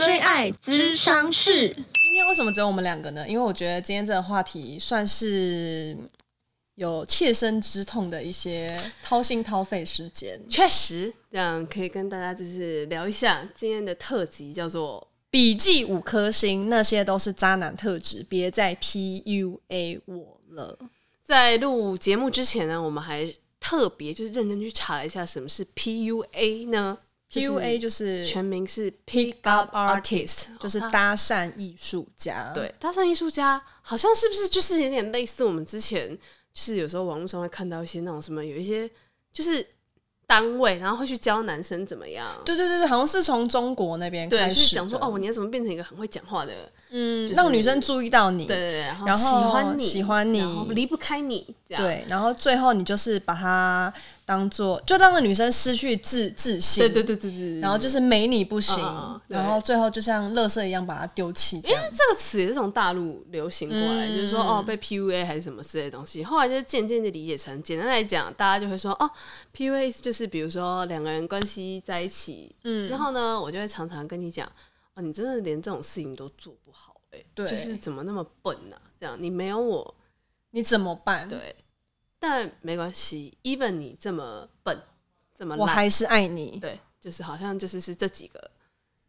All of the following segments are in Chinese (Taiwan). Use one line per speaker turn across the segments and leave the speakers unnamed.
追愛諮商室，今天為什麼只有我們兩個呢？因為我覺得今天這個話題算是有切身之痛的一些掏心掏肺時間。確實，這樣可以跟大家就是聊一下今天的特輯，叫做《筆記五顆星》，那些都是渣男特質，別再
PUA 我了。在錄節目之前呢，我們還特別就是認真去查了一下什麼是 PUA 呢？Pua 就是全名是 Pick Up Artist，就是搭訕藝術家。Oh, wow. 對，搭訕藝術家好像是不是就是有點類似我們之前、就是有時候網絡上會看到一些那種什麼有一些就是單位，然後會去教男生怎麼樣？對對對對，好像是從中
國那邊開始講、就是、說哦、喔，你怎
麼變成一個很會講話的人。
嗯，就是、讓女生注意到你，對對對，然後喜歡你，喜歡你，離
不開你，開你對，
然後最後你就是把她當做，就讓那女生失去自自信，對對對對對，然後就是沒你不行，嗯嗯然後最後就像垃圾一樣把她丟
棄。因為這個詞也是從大陸流行過來，嗯、就是說哦被 PUA 還是什麼之類的東西，後來就漸漸的理解成，簡單來講，大家就會說哦 PUA 就是比如說兩個人關係在一起，嗯，之後呢我就會常常跟你講。啊、你真的連這種事情都做不好哎、欸，對就是怎麼那麼笨呢、啊？這樣你沒有我，你怎麼辦？對，但沒關係。Even 你這麼笨，這麼我還是愛你。對，就是好像就是是這幾個，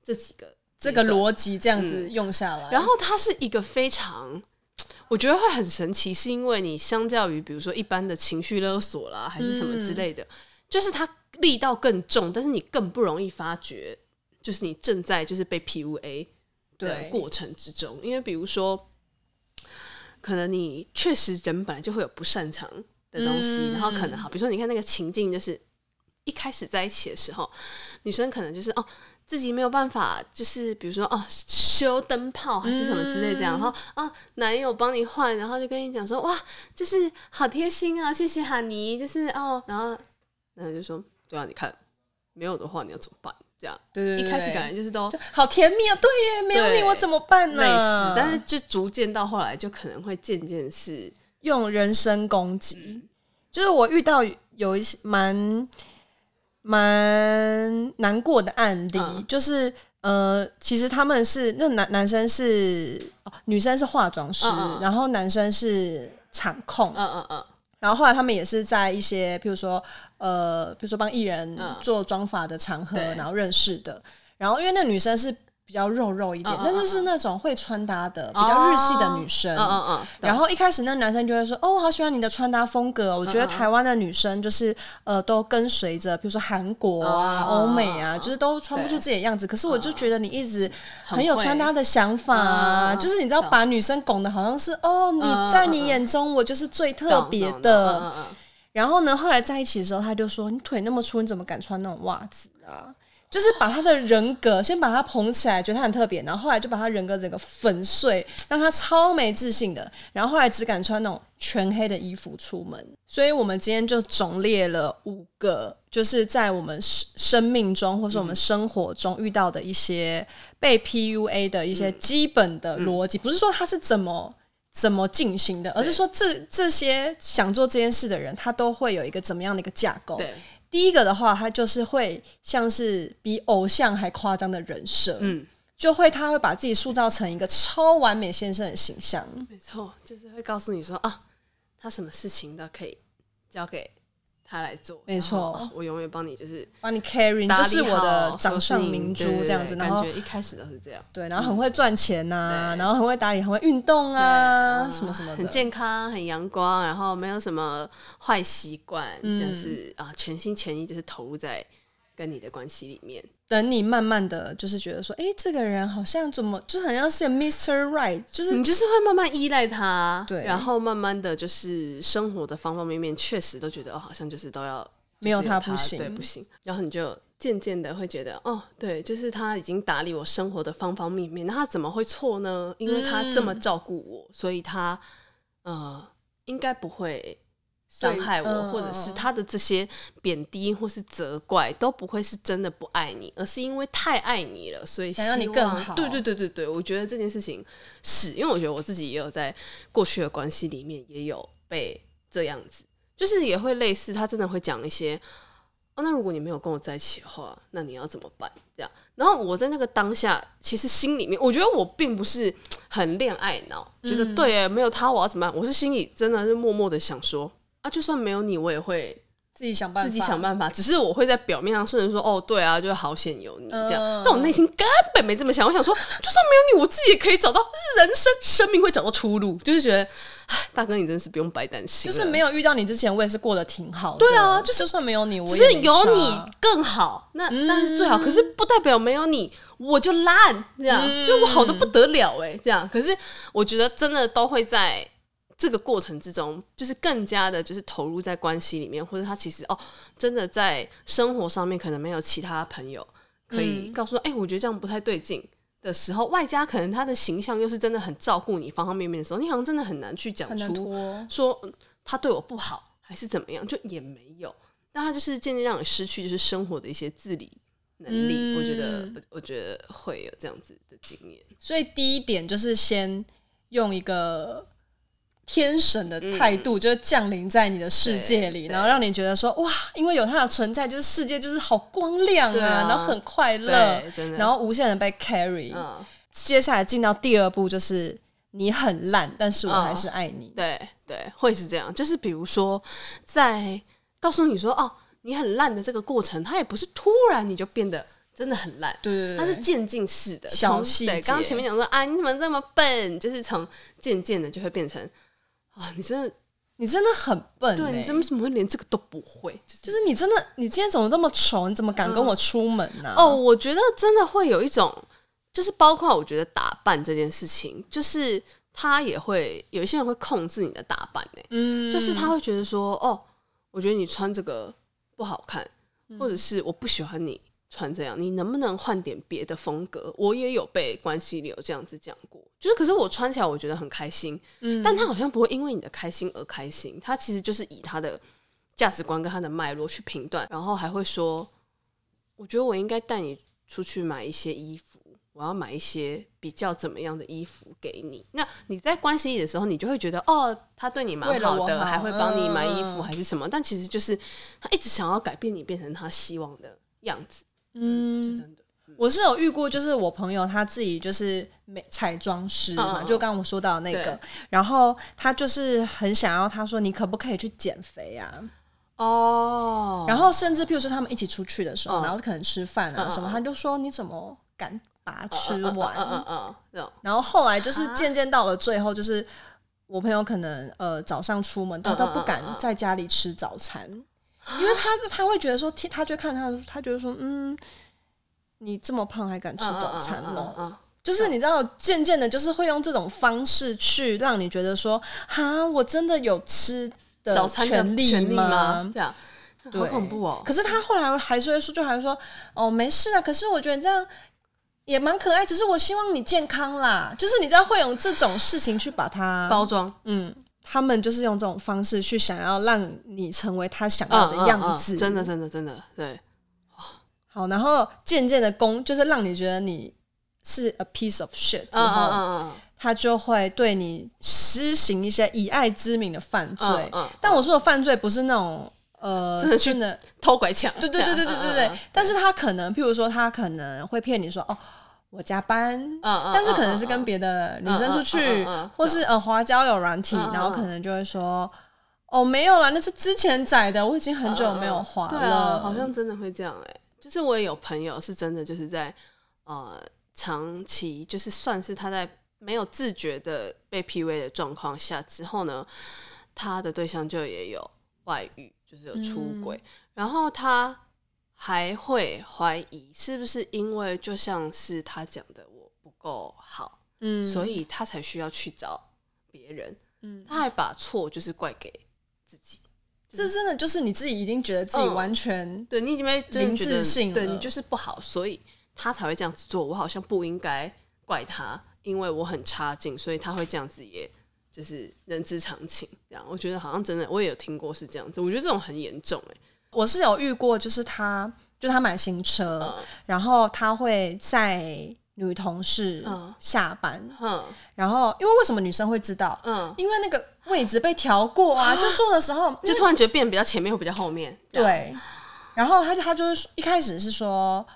這幾個這個邏輯這樣子用下來、嗯。然後它是一個非常，我覺得會很神奇，是因為你相較於比如說一般的情緒勒索啦，還是什麼之類的，嗯、就是它力道更重，但是你更不容易發覺。就是你正在就是被 PUA 的過程之中，對因為比如說，可能你確實人本來就會有不擅長的東西，嗯、然後可能哈，比如說你看那個情境，就是一開始在一起的時候，女生可能就是哦，自己沒有辦法，就是比如說哦，修燈泡還是什麼之類這樣，嗯、然後啊，男友幫你換，然後就跟你講說哇，就是好貼心啊，謝謝哈尼，就是哦，然後然後就說對啊，你看沒有的話你要怎麼辦？這樣，對，對，對，對一開始感覺
就是都就好甜蜜啊，對耶，沒有你對我怎麼辦呢、啊？類似，但
是就逐漸到後來，就
可能會漸漸是用人身攻擊。嗯、就是我遇到有一些蠻蠻難過的案例，嗯、就是呃，其實他們是那男男生是哦，女生是化妝師，嗯嗯然後男生是場控，嗯嗯嗯。然後後來他們也是在一些，比如說，呃，比如說幫藝人做妝髮的場合，嗯、然後認識的。然後因為那女生是。比較肉肉一點，但是是那種會穿搭的比較日系的女生。嗯嗯嗯。然後一開始那個男生就會說：“哦，我好喜歡你的穿搭風格。我覺得台灣的女生就是呃，都跟隨着，比如說韓國啊、歐美啊，就是都穿不出自己的樣子。可是我就覺得你一直很有穿搭的想法啊，就是你知道把女生拱得好像是哦，你在你眼中我就是最特別的。然後呢，後來在一起的時候，他就說：你腿那麼粗，你怎麼敢穿那種襪子啊？就是把他的人格先把他捧起來，覺得他很特別，然後後來就把他人格整個粉碎，讓他超沒自信的。然後後來只敢穿那種全黑的衣服出門。所以我們今天就總列了五個，就是在我們生生命中，或是我們生活中遇到的一些被 PUA 的一些基本的邏輯。不是說他是怎麼怎麼進行的，而是說這對這些想做這件事的人，他都會有一個怎麼樣的一個架構。第一個的話，他就是會像是比偶像還誇張的人設，嗯，就會他會把自己塑造成一個超完美先生的形象。沒錯，
就是會告訴你說啊，他什麼事情都可以交給。他來做，然後沒錯、哦，我永遠幫你，就是幫你 carry，你就是我的掌上明珠這樣子。感覺一開始都是這樣，
對，然後很會賺錢吶、啊，嗯、對，然後很會打理，很會運動啊，什麼什麼，很健
康，很陽光，然後沒有什麼壞習慣，就是、嗯、啊，全心全意就是投入在。跟你的關係裡面，
等你慢慢的就是覺得說，哎、欸，這個人好像怎麼，就好像是 Mr. Right，就是你就是會
慢慢依賴他，對，然後慢慢的就是生活的方方面面，確實都覺得哦，好像就是都要是有沒有他不行，對，不行，然後你就漸漸的會覺得，哦，對，就是他已經打理我生活的方方面面，那他怎麼會錯呢？因為他這麼照顧我，嗯、所以他呃，應該不會。
傷害我，或者是他
的這些貶低或是責怪，都不會是真的不愛你，而是因為太愛你了，所以希望，想要你更好。對對對對對。我覺得這件事情是，因為我覺得我自己也有在過去的關係裡面也有被這樣子，就是也會類似他真的會講一些哦，那如果你沒有跟我在一起的話，那你要怎麼辦？這樣，然後我在那個當下，其實心裡面我覺得我並不是很戀愛腦，嗯、覺得對哎、欸，沒有他我要怎麼辦？我是心裡真的是默默的想說。啊，就算沒有你，我也會自己想辦法，自己想辦法。只是我會在表面上，順着說哦，對啊，就好險有你這樣，呃、但我內心根本沒這麼想。我想說，就算沒有你，我自己也可以找到人生、生命會找到出路。就是覺得，大哥，你真是不用白擔心。就是沒有
遇到你之前，我也是過得挺好的。對啊，
就是就算沒有你，我也是有你更好。
那這樣是最好，嗯、可
是不代表沒有你我就爛這樣，嗯、就我好的不得了哎，這樣。嗯、可是我覺得真的都會在這個過程之中，就是更加的，就是投入在關係裡面，或者他其實哦，真的在生活上面可能沒有其他朋友可以告訴，誒、嗯，欸，我覺得這樣不太對勁的時候，外加可能他的形象又是真的很照顧你方方面面的時候，你好像真的很難去講出說他對我不好還是怎麼樣，就也沒有，但他就是漸漸讓你失去就是生活的一些自理
能力。嗯、我覺得
我，我覺得會有這樣子的經驗。
所以第一點就是先用一個。天神的態度就會降臨在你的世界裡，嗯、然後讓你覺得說哇，因為有他的存在，就是世界就是好光亮啊，啊然後很快樂，然後無限的被 carry、嗯。接下來進到第二步就是，你很爛，但是我還是
愛你。嗯、對對，會是這樣，就是比如說在告訴你說哦，你很爛的這個過程，它也不是突然你就變得真的很爛，對、對、對，對它是漸進式的，小細節。從，對，剛剛前面講說啊，你怎麼這麼笨，就是從漸漸的就會變成。啊，你真的，你真的很笨，欸，對！你怎麼怎麼會連這個都不會？
就是、就是你真的，你今天怎麼這麼醜？你怎麼敢跟我出門呢、啊嗯？哦，
我覺得真的會有一種，就是包括我覺得打扮這件事情，就是他也會有一些人會控制你的打扮、欸，呢。嗯，就是他會覺得說，哦，我覺得你穿這個不好看，或者是我不喜歡你穿這樣，你能不能換點別的風格？我也有被關係裡有這樣子講過。就是，可是我穿起來我覺得很開心，嗯，但他好像不會因為你的開心而開心，他其實就是以他的價值觀跟他的脈絡去評斷，然後還會說，我覺得我應該帶你出去買一些衣服，我要買一些比較怎麼樣的衣服給你。那你在關係裡的時候，你就會覺得，哦，他對你蠻好的，好還會幫你買衣服還是什麼，嗯，但其實就是他一直想要改變你，變成他希望的樣子，嗯。
是真的我是有遇過，就是我朋友他自己就是美彩妝師嘛，uh oh, 就剛剛我們說到那個，對然後他就是很想要，他說你可不可以去減肥呀、
啊？哦，oh. 然
後甚至譬如說他們一起出去的時候，uh oh. 然後可能吃飯啊什麼，uh oh. 他就說你怎麼敢把它吃完？嗯，然後後來就是漸漸到了最後，就是我朋友可能呃早上出門、uh oh. 他都不敢在家裡吃早餐，uh oh. 因為他他會覺得說他就看他他覺得說嗯。你這麼胖還敢吃早餐嗎？就是你知道，漸漸、哦、的，就是會用這種方式去讓你覺得說，哈、嗯，我真的有吃早餐的權利嗎？這樣，很對、嗯、
恐怖哦！ 可是
他後來還是會說，就好像說，哦，沒事啊。可是我覺得這樣也蠻可愛，嗯、只是我希望你健康啦。就是你知道，會用這種事情去把它包裝裝。嗯，他們就是用這種方式去想要讓你成為他想要的樣子。真的、嗯嗯嗯嗯，
真的，真的，對。
好，然後漸漸的攻，就是讓你覺得你是 a piece of shit 之後，他就會對你施行一些以愛之名的犯罪。Uh uh uh uh. 但我說的犯罪不是那種呃真的
偷拐搶，對對對對對對對、對。Uh uh uh.
但是他可能譬如說，他可能會騙你說哦，我加班，
但是可能是
跟別的女生出去，或是呃滑交友軟體，然後可能就會說 uh uh. 哦，沒有啦，那是之前載的，我已經很久沒有滑了。Uh uh, 啊、好像
真的會這樣哎。就是我也有朋友是真的，就是在呃長期就是算是他在沒有自覺的被 PUA 的狀況下之後呢，他的對象就也有外遇，就是有出軌，嗯、然後他還會懷疑是不是因為就像是他講的我不夠好，嗯，所以他才需要去找別人，嗯，他還把錯就是怪給。
這真的就是你自己已經覺得自己完
全、嗯、對，你已經零自信，對，你就是不好，所以他才會這樣子做。我好像不應該怪他，因為我很差勁，所以他會這樣子，也就是人之常情。這樣我覺得好像真的我也有聽過是這樣子，我覺得這種很嚴重誒、欸。
我是有遇過，就是他，就是、他買新車，嗯、然後他會在。女同事下班，嗯嗯，然後因為為什麼女生會知道？嗯、因
為那個位置被調過啊，蛤就坐的時候就突然覺得變比較前面或比較後面。
樣對，然後他就他就一開始是說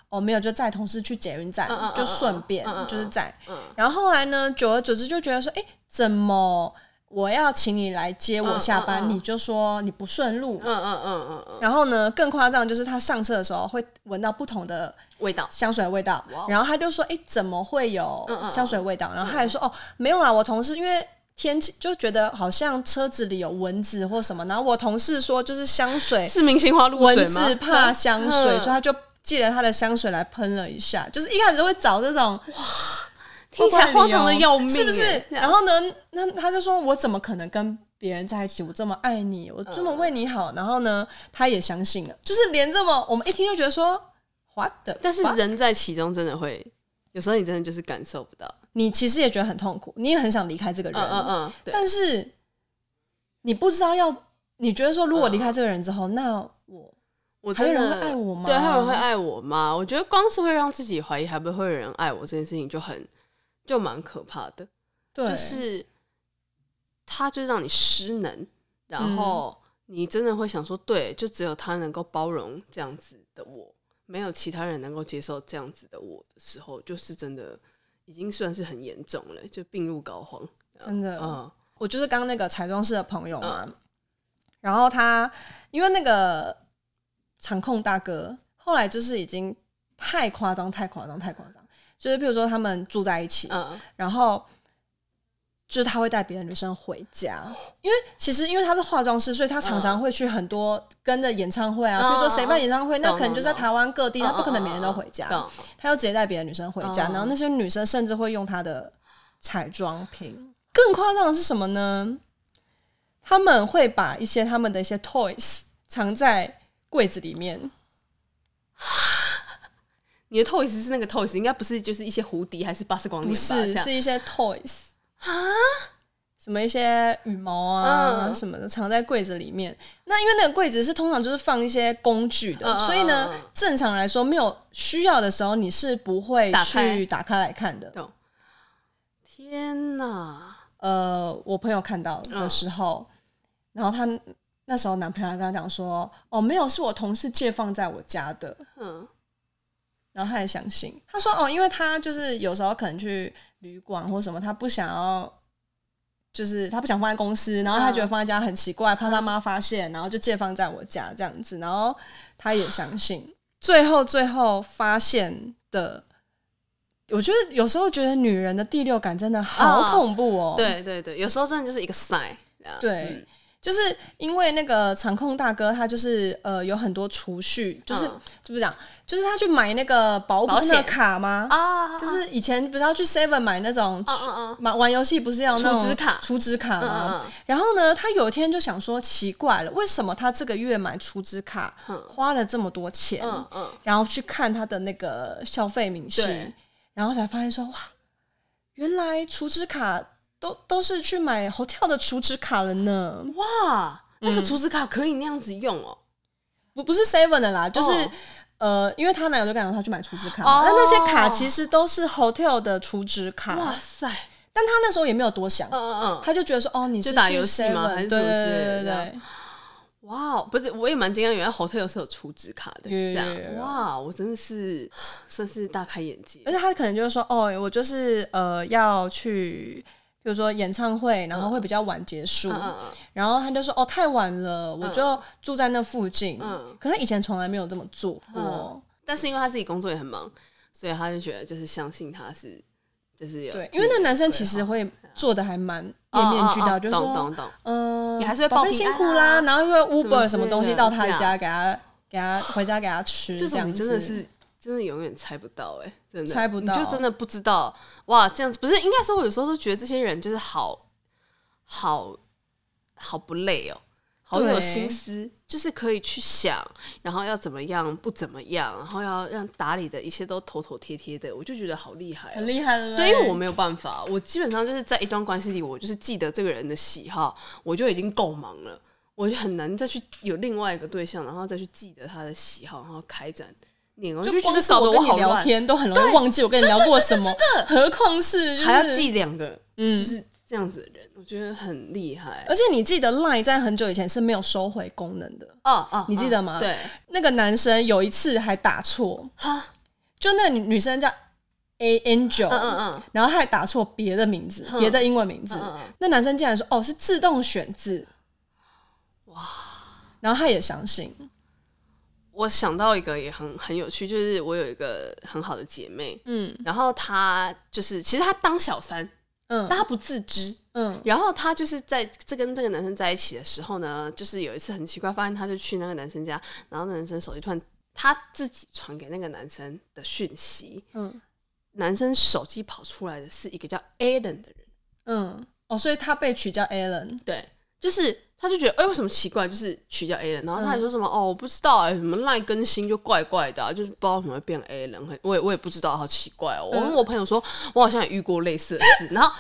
我，哦，沒有，就載同事去捷運站，嗯，就順便、嗯嗯嗯、就是在。嗯嗯，然後後來呢，久而久之就覺得說，哎，怎麼？.我要請你來接我下班，uh, uh, uh. 你就說你不順路。嗯嗯
嗯嗯，
然後呢，更誇張就是他上車的時候會聞到不同的味道，香水的味道。Wow. 然後他就說：“哎、欸，怎麼會有香水的味道？” uh, uh, uh. 然後他還說：“哦，沒有啊，我同事因為天氣就覺得好像車子裡有蚊子或什麼。”然後我同事說：“就是香水是明星花露水嗎？蚊子怕香水，嗯嗯、所以他就借了他的香水來噴了一下。”就是一開始會找這種哇。聽起來荒唐的要命，是不是？然後呢？那他就說：“我怎麼可能跟別人在一起？我這麼愛你，我這麼為你好。嗯”然後呢？他也相信了，就是連這麼我，我們一聽就
覺得說 “what”，但是人在其中真的會有時候，你真的就是感受不到，
你其實也覺得很痛苦，你也很想離開這個人，嗯、嗯嗯，但是你不知道要你覺得說，如果離開這個人之後，嗯、那我
我這個人會愛我嗎？對，還有人會愛我嗎？我覺得光是會讓自己懷疑，還不會有人愛我這件事情，就很。就蠻可怕的，對就是他就讓你失能，嗯、然後你真的會想說，對，就只有他能夠包容這樣子的我，沒有其他人能夠接受這樣子的我的時候，就是真的已經算是很嚴重了，就病入膏肓。真的，嗯，我就
是剛剛那個彩妝師的朋友嘛、啊，嗯、然後他因為那個場控大哥，後來就是已經太誇張，太誇張，太誇張。就是，比如說他們住在一起，嗯、然後就是他會帶別的女生回家，因為其實因為他是化妝師，所以他常常會去很多跟着演唱會啊，嗯、比如說誰辦演唱會，嗯、那可能就在台灣各地，嗯嗯嗯、他不可能每天都回家，嗯嗯、他又直接帶別的女生回家，嗯、然後那些女生甚至會用他的彩妝品。更誇張的是什麼呢？他們會把一些他們的一些 toys 藏在櫃
子裡面。你的 toys 是那個 toys，應該不是就是一些蝴蝶還是巴斯光年？不是，樣是一
些 toys 啊蛤，什麼一些羽毛啊，嗯、什麼的，藏在櫃子裡面。那因為那個櫃子是通常就是放一些工具的，嗯、所以呢，正常來說沒有需要的時候你是不會去打開來看的。
天哪開！
呃，我朋友看到的時候，嗯、然後他那時候男朋友跟他講說：“哦，沒有，是我同事借放在我家的。嗯”然後他也相信，他說：“哦，因為他就是有時候可能去旅館或什麼，他不想要，就是他不想放在公司，嗯、然後他覺得放在家很奇怪，怕他媽發現，嗯、然後就借放在我家這樣子。”然後他也相信，嗯、最後最後發現的，我覺得有時候覺得女人的第六感真的好恐怖哦。哦對對對，有時候真的就是一個
sign 對。嗯
就是因為那個場控大哥，他就是呃有很多儲蓄，就是是、嗯、不是講，就是他去買那個保保險卡嗎？啊、哦，就是以前不是要去 seven、哦、買那種，嗯買、哦哦、玩遊戲不是要儲值卡？儲值卡嗎？嗯嗯嗯、然後呢，他有一天就想說，奇怪了，為什麼他這個月買儲值卡花了這麼多錢？嗯嗯嗯、然後去看他的那個消費明細，對然後才發現說，哇，原來儲值卡。都都是去買 hotel 的儲值卡了呢。哇，那個儲值卡可以那樣子用哦。不不是 seven 的啦，就是呃，因為她男友就趕著他去買儲值卡，那那些卡其實都是 hotel 的儲值卡。哇塞！但她那時候也沒有多想，嗯嗯嗯，他就覺得說哦，你是打遊戲嗎？還是對
對對對對。哇，不是，我也蠻驚訝，原來 hotel 是有儲值卡的，這樣哇，我真的是算是大開眼界。而且她
可能就是說哦，我就是呃要去。比如說演唱會，然後會比較晚結束，嗯嗯嗯、然後他就說哦，太晚了，嗯、我就住在那附近，嗯、可能他以前從來沒有這麼做過、
嗯，但是因為他自己工作也很忙，所以他就覺得就是相信他是就是有對對，
因為那男生其實會做得還的還蠻面面俱到，嗯、就是說，哦哦哦、嗯，你還是會幫包、啊、辛苦啦，然後因為 Uber 什麼東西到他家給他、啊、
給他給他回家給他吃，這樣這真的是。真的永遠猜不到欸，真的猜不到，你就真的不知道哇！這樣子不是應該說，我有時候都覺得這些人就是好好好不累喔，好有心思，對就是可以去想，然後要怎麼樣不怎麼樣，然後要讓打理的一切都妥妥帖帖的，我就覺得好厲害，很厲
害了。對，因為我沒有
辦法，我基本上就是在一段關係裡，我就是記得這個人的喜好，我就已經夠忙了，我就很難再去有另外一個對象，然後再去記得他的喜好，然後開展。就光是我跟你聊天，都很容易對忘記我跟你聊過什麼。何況是還要記兩個，嗯，就是這樣子的人，嗯、我覺得很厲害。而
且你記得 LINE 在很久以前是沒有收回功能的哦哦
，oh, oh, oh, 你記得嗎？對，
那個男生有一次還打錯，蛤就那女女生叫 Angel 嗯嗯，然後他還打錯別的名字，別、嗯、的英文名字。嗯、uh, uh. 那男生竟然說：“哦，是自動選字。”哇！然後他也相信。
我想到一個也很很有趣，就是我有一個很好的姐妹，嗯，然後她就是其實她當小三，嗯，但她不自知，嗯，然後她就是在這跟這個男生在一起的時候呢，就是有一次很奇怪，發現她就去那個男生家，然後那男生手機突然她自己傳給那個男生的訊息，嗯，男生手機跑出來的是一個叫 Allen 的人，嗯，哦，所以她被取叫 Allen，對。就是，他就覺得，哎、欸，為什麼奇怪？就是取消 A 了，然後他還說什麼，嗯、哦，我不知道哎、欸，什麼賴更新就怪怪的、啊，就是不知道怎麼會變 A 人，我也我也不知道，好奇怪哦。嗯、我跟我朋友說，我好像也遇過類似的事，然後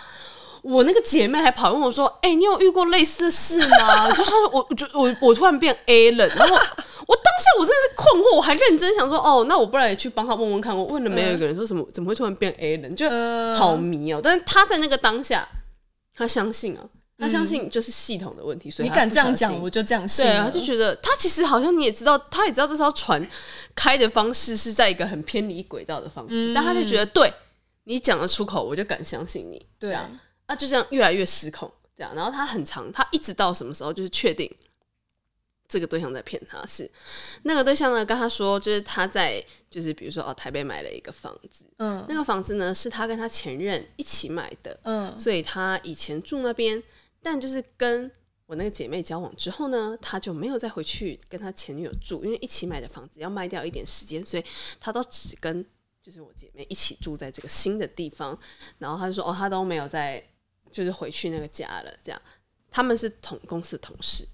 我那個姐妹還跑問我說，哎、欸，你有遇過類似的事嗎？ 就她說，我，我，就我，我突然變 A 人，然後我，我當下我真的是困惑，我還認真想說，哦，那我不來也去幫他問問看，我問了沒有一個人說什、嗯、麼怎麼會突然變 A 人，就好迷哦、喔。嗯、但是他在那個當下，他相信啊。他相信就是系統的問題，嗯、所以他你敢這樣講，我就這樣信。對啊，他就覺得他其實好像你也知道，他也知道這艘船開的方式是在一個很偏離軌道的方式，嗯、但他就覺得對你講得出口，我就敢相信你。對，對啊，啊就這樣越來越失控，這樣、啊。然後他很長，他一直到什麼時候就是確定這個對象在騙他是，是那個對象呢？跟他說，就是他在就是比如說哦，台北買了一個房子，嗯，那個房子呢是他跟他前任一起買的，嗯，所以他以前住那邊。但就是跟我那個姐妹交往之後呢，他就沒有再回去跟他前女友住，因為一起買的房子要賣掉一點時間，所以他都只跟就是我姐妹一起住在這個新的地方。然後他就說哦，他都沒有再就是回去那個家了。這樣，他們是同公司的同事。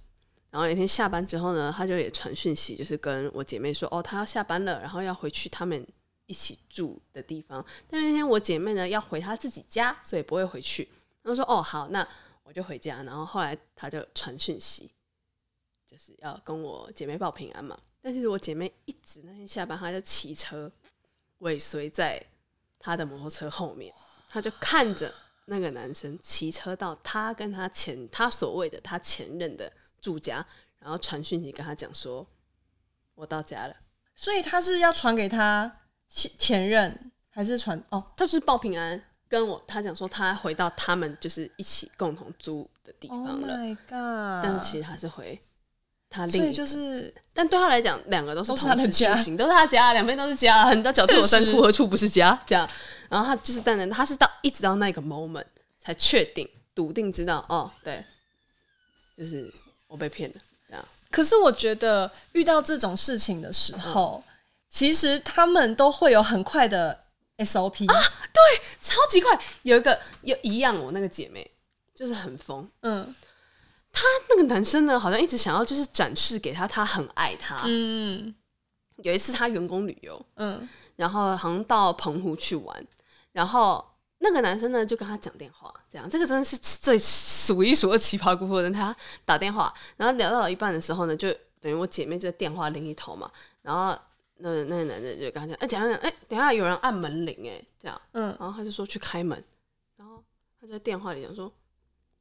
然後有天下班之後呢，他就也傳訊息，就是跟我姐妹說哦，他要下班了，然後要回去他們一起住的地方。但那天我姐妹呢要回她自己家，所以不會回去。他說哦，好，那。我就回家，然後後來他就傳訊息，就是要跟我姐妹報平安嘛。但是，我姐妹一直那天下班，她就騎車尾隨在她的摩托車後面，她就看着那個男生騎車到他跟他前，他所謂的他前任的住家，然後傳訊息跟他講說：“我到家了。”所以他是要傳給他前前任，還是傳哦？他就是報平安。跟我他講說他回到他們就是一起共同租的地方了，oh、但是其實還是回他另一個，所以就是，但對他來講，兩個都是同都是他的家，都是他家，兩邊都是家，很多狡兔三窟何處不是家實這樣。然後他就是但然，他是到一直到那個 moment 才確定，篤定知道哦，對，就是我被騙了這樣。
可是我覺得遇到這種事情的時候，嗯、其實他們都會有很快的。SOP 啊，
對，超級快。有一個有一樣，我那個姐妹就是很瘋。
嗯，
她那個男生呢，好像一直想要就是展示給她，他很愛她。嗯，有一次他員工旅遊，嗯，然後好像到澎湖去玩，然後那個男生呢就跟他講電話，這樣，這個真的是最數一數二奇葩姑婆人，他打電話，然後聊到了一半的時候呢，就等於我姐妹就在電話另一頭嘛，然後。那那男的就跟他講，哎，講講講，哎，等下，等下有人按門鈴，哎，這樣，嗯、呃，然後他就說去開門，然後他就在電話裡講說，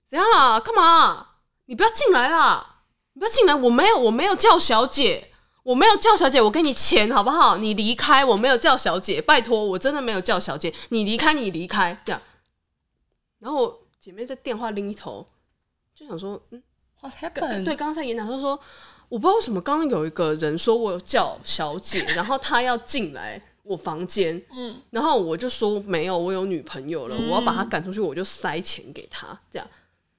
怎樣啊？幹嘛？你不要進來啦！你不要進來！我沒有，我沒有叫小姐，我沒有叫小姐，我給你錢好不好？你離開！我沒有叫小姐，拜托，我真的沒有叫小姐，你離開，你離開，這樣。然後姐妹在電話另一頭就想說，嗯。What 跟對，剛才演講他說，我不知道為什麼剛剛有一個人說我叫小姐，然後他要進來我房間，嗯， 然後我就說沒有，我有女朋友了，嗯、我要把她趕出去，我就塞錢給他，這樣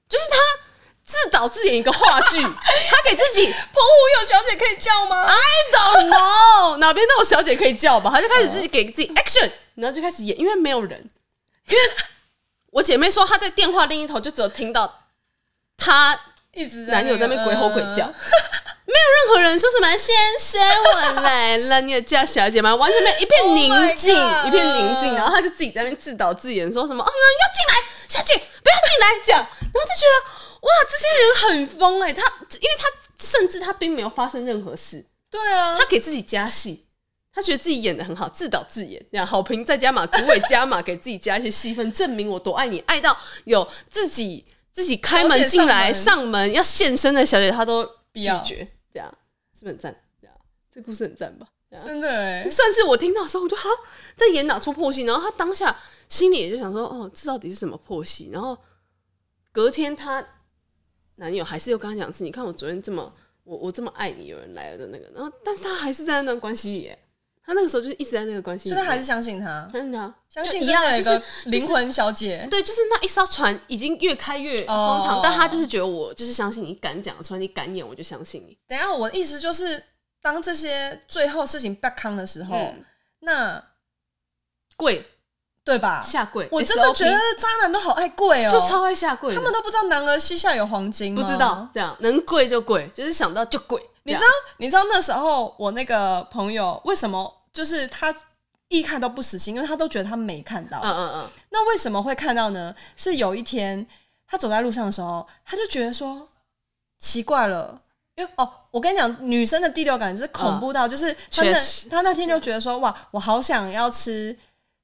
就是他自導自演一個話劇， 他給自己
澎湖 有小姐可以叫嗎？I
don't know，哪邊都有小姐可以叫吧？他就開始自己給自己 action， 然後就開始演，因為沒有人，因為我姐妹說她在電話另一頭就只有聽到她。一直男友在那鬼吼鬼叫，呵呵。沒有任何人說什麼先生，我來了，你有叫小姐嗎？完全沒有，一片寧靜，oh、一片寧靜。然後他就自己在那邊自導自演，說什麼啊、哦、有人要進來，小姐不要進來這樣。然後就覺得哇，這些人很瘋誒、欸，她，因為他，甚至他並沒有發生任何事。對啊，他給自己加戲，他覺得自己演得很好，自導自演這樣。好評再加碼，主委加碼，給自己加一些戲份，證明我多愛你，愛到有自己自己開門進來上門，上門要獻身的小姐，她都拒絕，要這樣是不是很讚？這樣這個、故事很讚吧？這樣真的、欸，算是我聽到的時候，我就哈在演哪齣破戲？然後她當下心裡也就想說，哦，這到底是什麼破戲？然後隔天她男友還是又跟她講，是，你看我昨天這麼，我我這麼愛你，有人來了的那個，然後但是她還是在那段關係裡。他那個時候就一直在那個關係，所以他還是
相信他，信他、嗯啊、相信一樣的、就是就是、一
個靈魂小姐、就是。對，就是那一艘船已經越開越荒唐，oh. 但他就是覺得我就是相信你敢，敢講出來，你敢演，我就相信你。
等一下，我的意思就是，當這些最後事情 back 康的時候，嗯、
那跪貴對吧？
下跪貴，我真的覺得渣男都好愛跪哦、喔，就超愛下跪，他們都不知道男兒膝下有黃
金嗎？不知道，這樣能跪就跪，就
是想到就跪。Yeah. 你知道？你知道那時候我那個朋友為什麼就是他一看都不死心，因為他都覺得他沒看到。
Uh,
uh, uh. 那為什麼會看到呢？是有一天他走在路上的時候，他就覺得說奇怪了，因為哦，我跟你講，女生的第六感是恐怖到，uh, 就是他那實他那天就覺得說哇，我好想要吃，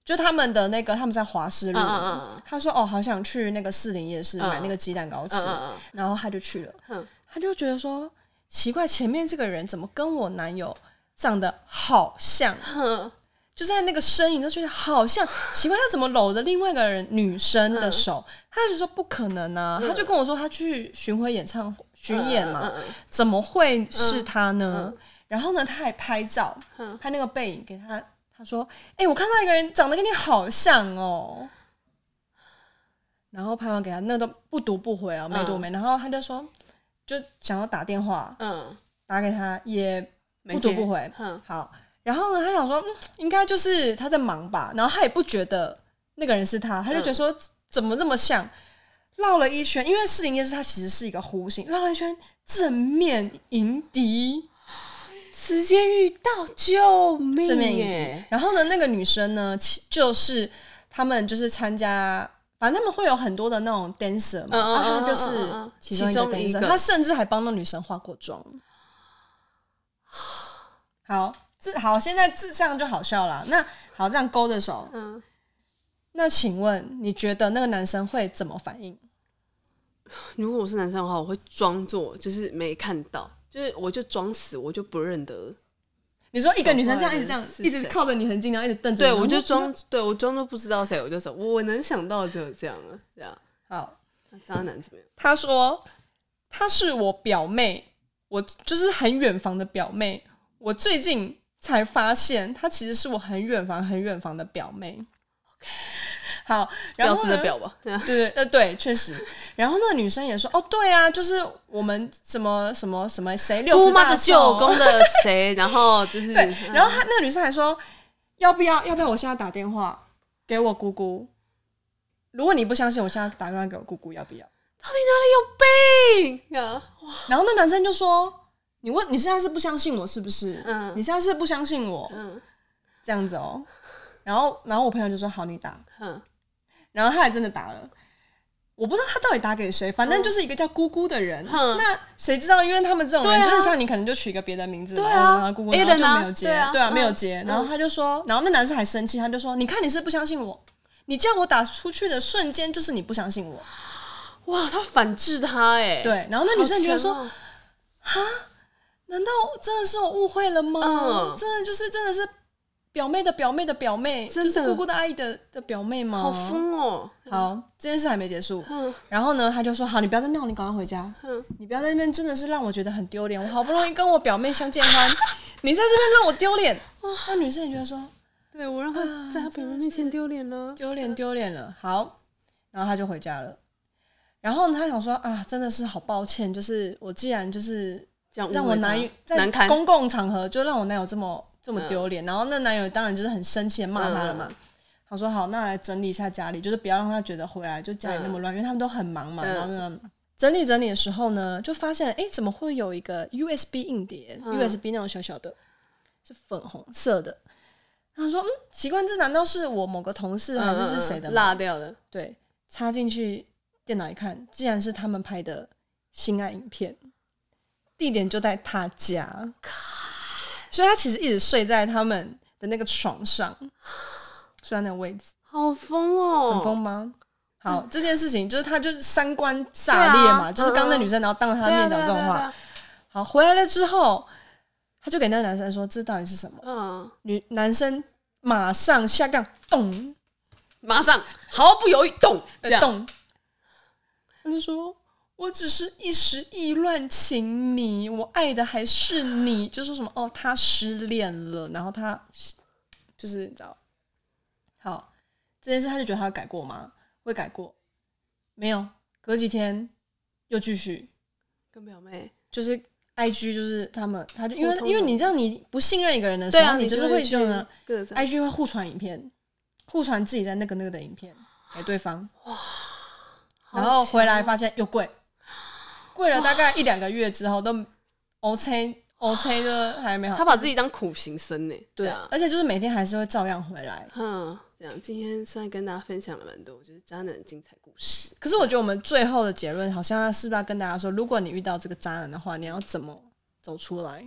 就他們的那個他們在華師路，uh, uh, uh. 他說哦，好想去那個士林夜市買那個雞蛋糕吃，uh, uh, uh, uh. 然後他就去了，uh. 他就覺得說。奇怪，前面這個人怎麼跟我男友長得好像？就在那個身影就覺得好像奇怪，他怎麼摟着另外一個人女生的手？他就說不可能呢，啊，他就跟我說他去巡回演唱巡演嘛，怎麼會是他呢？然後呢，他還拍照拍那個背影給他，他說：“哎，我看到一個人長得跟你好像哦。”然後拍完給他，那都不讀不回啊，沒讀沒。然後他就說。就想要打電話，嗯，打給他也
不接不回，嗯、
好。然後呢，他想說、嗯，應該就是他在忙吧。然後他也不覺得那個人是他，他就覺得說、嗯、怎麼這麼像？繞了一圈，因為四零電視是他，其實是一個弧形，繞了一圈正面迎敵， 直接遇到救命！正面迎、欸、然後呢，那個女生呢，就是他們就是參加。反正、啊、他們會有很多的那種 dancer，然後、嗯啊、就是其中一個 dancer，他甚至還幫那女生化過妝。好，這好，現在這樣就好笑了。那好，這樣勾着手，嗯，那請問你覺得那個男生會怎麼反應？
如果我是男生的話，我會裝作就是沒看到，就是我就裝死，我就不認得。你說一個女生這樣一直這樣，一直靠
着你很近，然後一直瞪着你。對，我就裝，
對我裝作不知道誰，我就說，我能想到就是這樣啊，這樣，好，那、啊、渣男怎麼樣？
他說，他是我表妹，我就是很遠房的表妹。我最近才發現，他其實是我很遠房、很遠房的表妹。Okay. 好，然後，對對對，確實。 然後那個女生也說，哦對啊，就是我們什麼什麼什麼誰，六姑媽的舅公的誰，
然後就是，然後
她、嗯、那個女生還說，要不要要不要我現在打電話給我姑姑？如果你不相信，我現在打電話給我姑姑，要不要？
到底哪裡有
病啊？嗯、然後那男生就說，你問，你現在是不相信我是不是？嗯，你現在是不相信我，嗯、這樣子哦。然後然後我朋友就說，好，你打，嗯然後他還真的打了，我不知道他到底打給誰，反正就是一個叫姑姑的人。那誰知道？因為他們這種人，真的像你，可能就取一個別的名字，對，然後姑姑，他就沒有接，對啊，沒有接。然後他就說，然後那男生還生氣，他就說：“你看你是不相信我，你叫我打出去的瞬間就是你不相信我。”哇，他反制他哎，對。然後那女生覺得說：“哈，難道真的是我誤會了嗎？真的就是真的是。”表妹的表妹的表妹，的就是姑姑的阿姨的的表妹嗎？好瘋哦！好，嗯、這件事還沒結束。嗯，然後呢，他就說：“好，你不要再鬧，你趕快回家。嗯、你不要在那邊，真的是讓我覺得很丟臉。我好不容易跟我表妹相見歡，啊、你在這邊讓我丟臉。啊”那女生也覺得說：“對，我讓他在他表妹面前丟臉了，啊、丟臉丟臉了。”好，然後他就回家了。然後他想說：“啊，真的是好抱歉，就是我既然就是這樣讓我男友在公共場合就讓我男友這麼。”這麼丟臉，然後那男友當然就是很生氣的罵他了嘛。嗯嗯、他說：“好，那來整理一下家裡，就是不要讓他覺得回來就家裡那麼亂，嗯、因為他們都很忙嘛。嗯”然後呢，整理整理的時候呢，就發現哎、欸，怎麼會有一個 USB 硬碟、嗯、，USB 那種小小的，是粉紅色的。他說：“嗯，奇怪，這難道是我某個同事、嗯、還是是誰的落、嗯、掉了？對，插進去電腦一看，竟然是他們拍的性愛影片，地點就在他家。”所以他其實一直睡在他們的那個床上，睡在那個位置。好瘋哦、喔！很瘋嗎？好，嗯、這件事情就是他就是三觀炸裂嘛，啊、就是剛，剛那女生然後當着他的面講這種話。啊啊啊啊、好，回來了之後，他就給那個男生說：“這到底是什麼？”嗯，女男生馬上下槓，咚，馬上毫不猶豫，咚，咚，他就
說。我只
是一時意亂情迷，我愛的還是你。就說什麼哦，他失戀了，然後他就是你知道，好這件事，他就覺得他改過嗎？會改過？沒有，隔幾天又繼續
跟表妹，
就是 IG，就是他們，他就因為因為你知道，你不信任一個人的時候，啊、你就是會就
呢，IG 會互
傳影片，互傳自己在那個那個的影片給對方，哇，然後回來發現又貴。跪了大概一兩個月之後，哇都黑青，黑青都還沒好。他把自己當
苦行僧呢、欸，對啊對，而且就是每天還是會照樣回來。哼、嗯，這樣今天雖然跟大家分享了蠻多，我覺得渣男的精彩故事。
可是我覺得我們最後的結論好像是不是要跟大家說，如果你遇到這個渣男的話，你要怎麼走出來？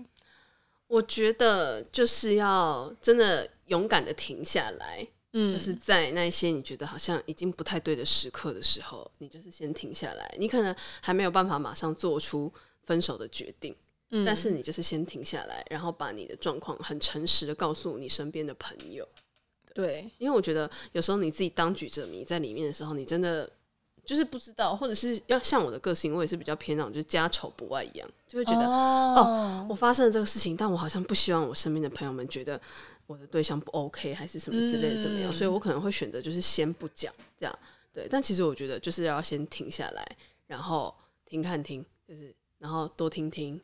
我覺得就是要真的勇敢的停下來。嗯，就是在那些你覺得好像已經不太對的時刻的時候，你就是先停下來。你可能還沒有辦法馬上做出分手的決定，嗯，但是你就是先停下來，然後把你的狀況很誠實的告訴你身邊的朋友。對，因為我覺得有時候你自己當局者迷在裡面的時候，你真的就是不知道，或者是要像我的個性，我也是比較偏那種就是家醜不外一樣，就會覺得哦,哦，我發生了這個事情，但我好像不希望我身邊的朋友們覺得。我的對象不 OK 還是什麼之類的。怎麼樣？所以我可能會選擇就是先不講這樣。對，但其實我覺得就是要先停下來，然後聽看聽，就是然後多聽聽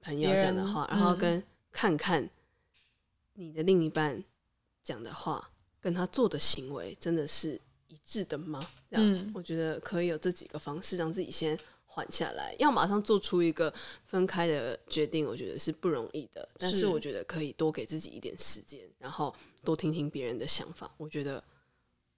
朋友講的話，然後跟看看你的另一半講的話，跟他做的行為真的是一致的嗎？嗯，我覺得可以有這幾個方式讓自己先。緩下來，要馬上做出一個分開的決定，我覺得是不容易的，是但是，我覺得可以多給自己一點時間，然後多聽聽別人的想法，我覺得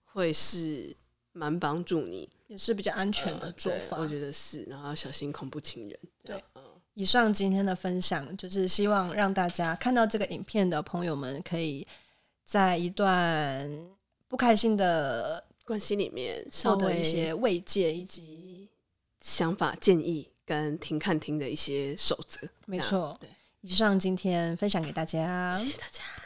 會是蠻幫助你，
也是比較安全的做法。呃、我
覺得是，然後要小心恐怖情人。
對，對呃、以上今天的分享，就是希望讓大家看到這個影片的朋友們，可以在一段不開心的關係裡面，少得一些慰藉以及。
想法、建議跟聽、看、聽的一些守則，沒錯
錯。以上今天分享給大家，謝謝大家。